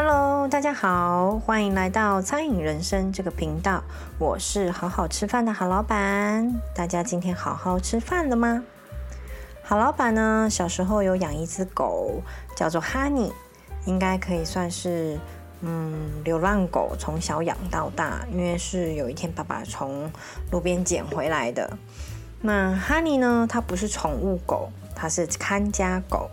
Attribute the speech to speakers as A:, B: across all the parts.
A: Hello，大家好，歡迎來到餐飲人生這個頻道。我是好好吃飯的好老板。大家今天好好吃飯了嗎？好老板呢，小時候有養一隻狗，叫做 Honey，應該可以算是嗯流浪狗，從小養到大，因為是有一天爸爸從路邊撿回來的。那 Honey 呢，它不是寵物狗，它是看家狗。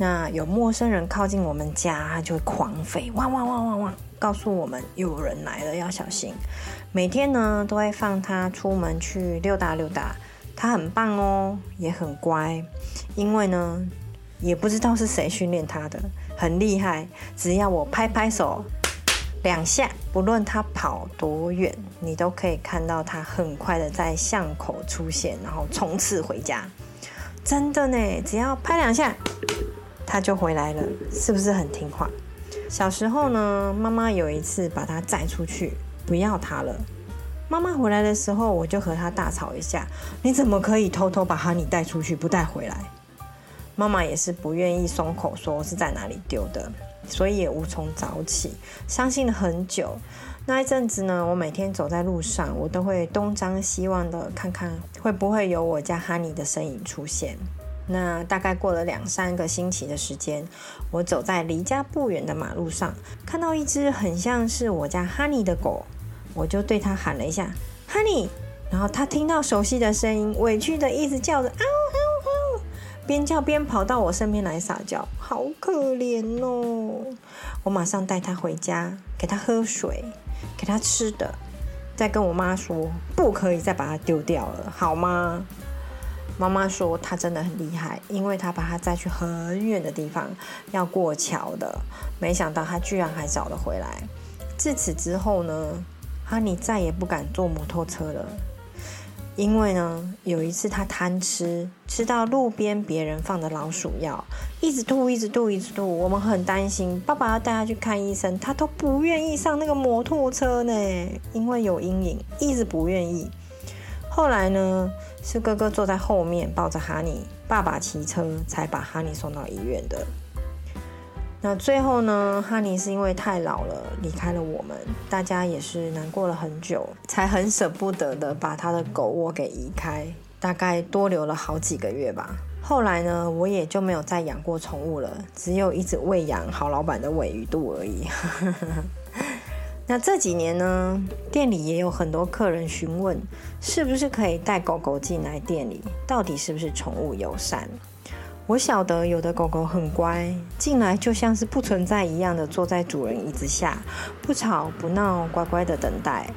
A: 那有陌生人靠近我們家，他就會狂吠，汪汪汪汪汪，告訴我們又有人來了，要小心。每天呢都會放他出門去溜達溜達，他很棒哦，也很乖。因為呢也不知道是誰訓練他的，很厲害。只要我拍拍手兩下，不論他跑多遠，你都可以看到他很快的在巷口出現，然後衝刺回家。真的呢，只要拍兩下。他就回來了，是不是很聽話？小時候呢，媽媽有一次把他載出去，不要他了。媽媽回來的時候，我就和他大吵一架。你怎麼可以偷偷把哈尼帶出去，不帶回來？媽媽也是不願意鬆口說是在哪裡丟的，所以也無從找起，傷心了很久。那一陣子呢，我每天走在路上，我都會東張西望的看看，會不會有我家哈尼的身影出現。那大概過了兩三個星期的時間，我走在離家不遠的馬路上，看到一隻很像是我家 Honey 的狗，我就對它喊了一下 “Honey”，然後它聽到熟悉的聲音，委屈的一直叫着“嗷嗷嗷”，邊叫邊跑到我身邊來撒嬌，好可憐哦！我馬上帶它回家，給它喝水，給它吃的，再跟我媽說，不可以再把它丟掉了，好嗎？媽媽說，他真的很厲害，因為他把他載去很遠的地方，要過橋的，沒想到他居然還找了回來。自此之後呢，哈尼再也不敢坐摩托車了，因為呢，有一次他貪吃，吃到路邊別人放的老鼠藥，一直吐，一直吐，一直吐，一直吐，一直吐，我們很擔心，爸爸要帶他去看醫生，他都不願意上那個摩托車呢，因為有陰影，一直不願意。後來呢，是哥哥坐在後面抱着哈尼，爸爸騎車才把哈尼送到醫院的。那最後呢，哈尼是因為太老了，離開了我們，大家也是難過了很久，才很捨不得的把他的狗窩給移開，大概多留了好幾個月吧。後來呢，我也就沒有再養過寵物了，只有一直餵養好老板的尾魚度而已。 那這幾年呢，店裡也有很多客人詢問，是不是可以帶狗狗進來店裡？到底是不是寵物友善？我曉得有的狗狗很乖，進來就像是不存在一樣的坐在主人椅子下，不吵不鬧，乖乖的等待。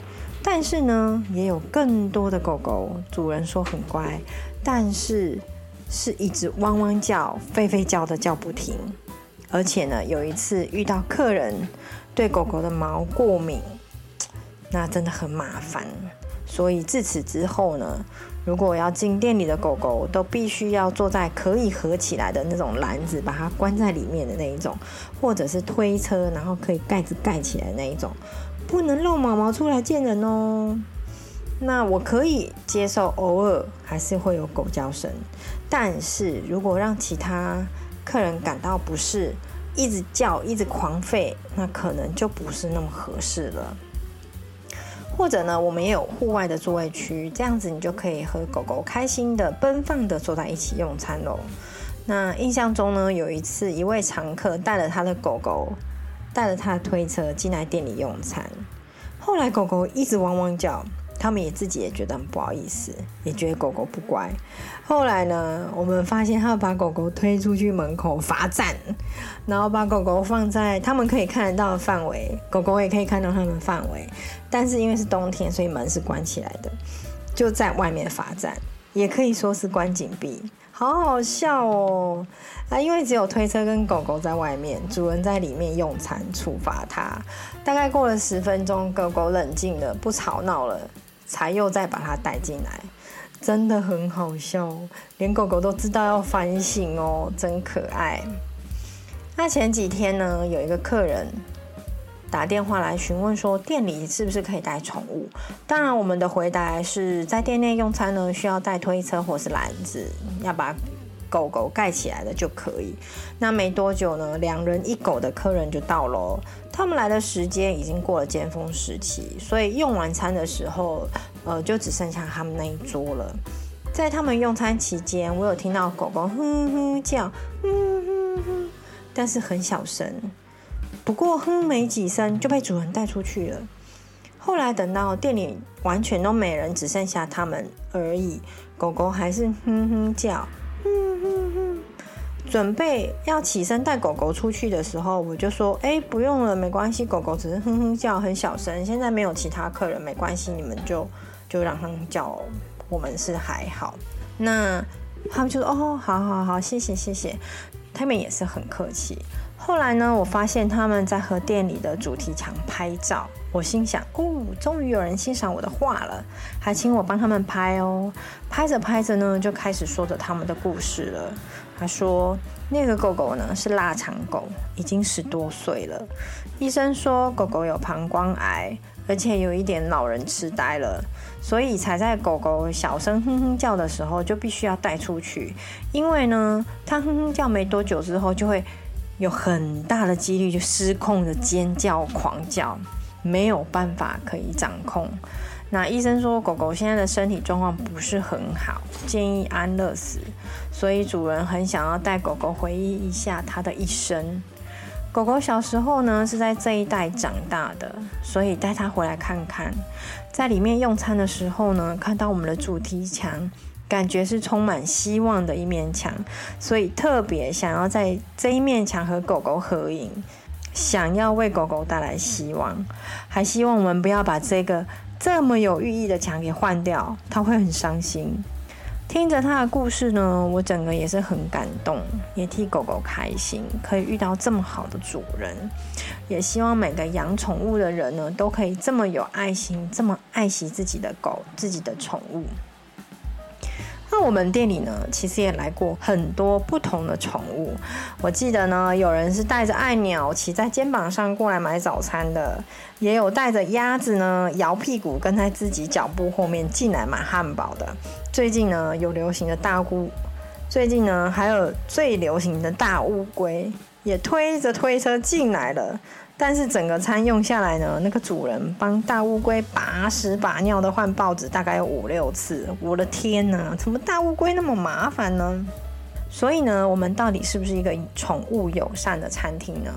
A: 但是呢，也有更多的狗狗，主人說很乖，但是是一直汪汪叫、吠吠叫的叫不停。而且呢，有一次遇到客人。對狗狗的毛過敏，那真的很麻煩。所以自此之後呢，如果要進店裡的狗狗，都必須要坐在可以合起來的那種籃子，把它關在裡面的那一種，或者是推車，然後可以蓋子蓋起來的那一種，不能露毛毛出來見人哦。那我可以接受偶爾還是會有狗叫聲，但是如果讓其他客人感到不適，一直叫，一直狂吠，那可能就不是那麼合適了。或者呢，我們也有戶外的座位區，這樣子你就可以和狗狗開心的、奔放地坐在一起用餐嘍。那印象中呢，有一次一位常客帶了他的狗狗，帶了他的推車進來店裡用餐，後來狗狗一直汪汪叫。他們也自己也覺得很不好意思，也覺得狗狗不乖。後來呢，我們發現他把狗狗推出去門口罰站，然後把狗狗放在他們可以看得到的範圍，狗狗也可以看到他們範圍。但是因為是冬天，所以門是關起來的，就在外面罰站，也可以說是關禁閉。好好笑哦！啊，因為只有推車跟狗狗在外面，主人在裡面用餐處罰他。大概過了十分鐘，狗狗冷靜了，不吵鬧了。才又再把它帶進來，真的很好笑，連狗狗都知道要反省喔，真可愛。那前幾天呢，有一個客人打電話來詢問說，店裡是不是可以帶寵物？當然，我們的回答是在店內用餐呢，需要帶推車或是籃子，要把。狗狗蓋起來的就可以。那沒多久呢，兩人一狗的客人就到了。他們來的時間已經過了尖峰時期，所以用完餐的時候，呃，就只剩下他們那一桌了。在他們用餐期間，我有聽到狗狗哼哼叫，哼哼哼，但是很小聲。不過哼沒幾聲就被主人帶出去了。後來等到店裡完全都沒人，只剩下他們而已，狗狗還是哼哼叫。準備要起身帶狗狗出去的時候，我就說：“欸，不用了，沒關係。狗狗只是哼哼叫，很小聲。現在沒有其他客人，沒關係，你們就就讓他們叫。我們是還好。”那他們就說：“哦，好好好，謝謝謝謝。”他們也是很客氣。後來呢，我發現他們在和店裡的主題牆拍照，我心想：“哦，終於有人欣賞我的畫了，還請我幫他們拍哦。”拍着拍着呢，就開始說着他們的故事了。他說：“那個狗狗呢，是臘腸狗，已經十多歲了。醫生說狗狗有膀胱癌，而且有一點老人痴呆了，所以才在狗狗小聲哼哼叫的時候就必須要帶出去。因為呢，它哼哼叫沒多久之後，就會有很大的幾率就失控的尖叫、狂叫，沒有辦法可以掌控。”那醫生說，狗狗現在的身體狀況不是很好，建議安樂死。所以主人很想要帶狗狗回憶一下它的一生。狗狗小時候呢是在這一帶長大的，所以帶它回來看看。在裡面用餐的時候呢，看到我們的主題牆，感覺是充滿希望的一面牆，所以特別想要在這一面牆和狗狗合影，想要為狗狗帶來希望，還希望我們不要把這個。這麼有寓意的牆給換掉，他會很傷心。聽着他的故事呢，我整個也是很感動，也替狗狗開心，可以遇到這麼好的主人。也希望每個養寵物的人呢，都可以這麼有愛心，這麼愛惜自己的狗、自己的寵物。我們店裡呢，其實也來過很多不同的寵物。我記得呢，有人是帶着愛鳥騎在肩膀上過來買早餐的，也有帶着鴨子呢搖屁股跟在自己腳步後面進來買漢堡的。最近呢，有流行的大烏，最近呢，還有最流行的大烏龜。也推着推車進來了，但是整個餐用下來呢，那個主人幫大烏龜把屎把尿的換報紙大概有五六次，我的天哪，怎麼大烏龜那麼麻煩呢？所以呢，我們到底是不是一個寵物友善的餐廳呢？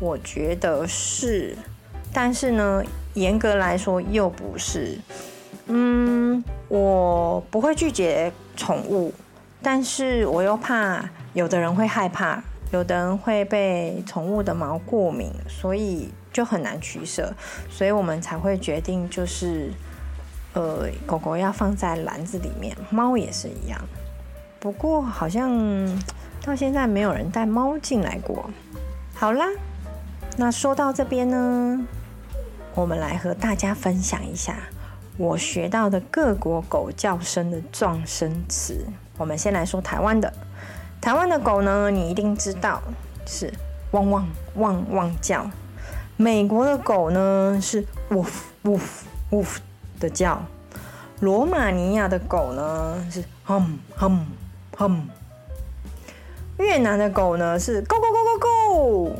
A: 我覺得是，但是呢，嚴格來說又不是。嗯，我不會拒絕寵物，但是我又怕有的人會害怕。有的人會被寵物的毛過敏，所以就很難取捨，所以我們才會決定就是，呃，狗狗要放在籃子裡面，貓也是一樣。不過好像到現在沒有人帶貓進來過。好啦，那說到這邊呢，我們來和大家分享一下我學到的各國狗叫聲的狀聲詞。我們先來說台灣的。台灣的狗呢，你一定知道是汪汪汪汪叫；美國的狗呢是 woof woof woof 的叫；羅馬尼亞的狗呢是 hum hum hum；越南的狗呢是 go go go go go，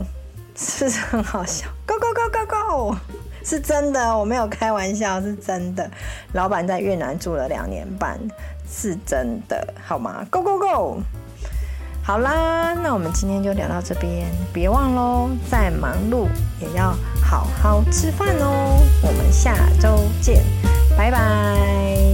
A: 是不是很好笑？go go go go go 是真的，我沒有開玩笑，是真的。老闆在越南住了兩年半，是真的，好嗎？Go go go。好啦，那我們今天就聊到這邊，別忘嘍，再忙碌也要好好吃飯哦。我們下周見，拜拜。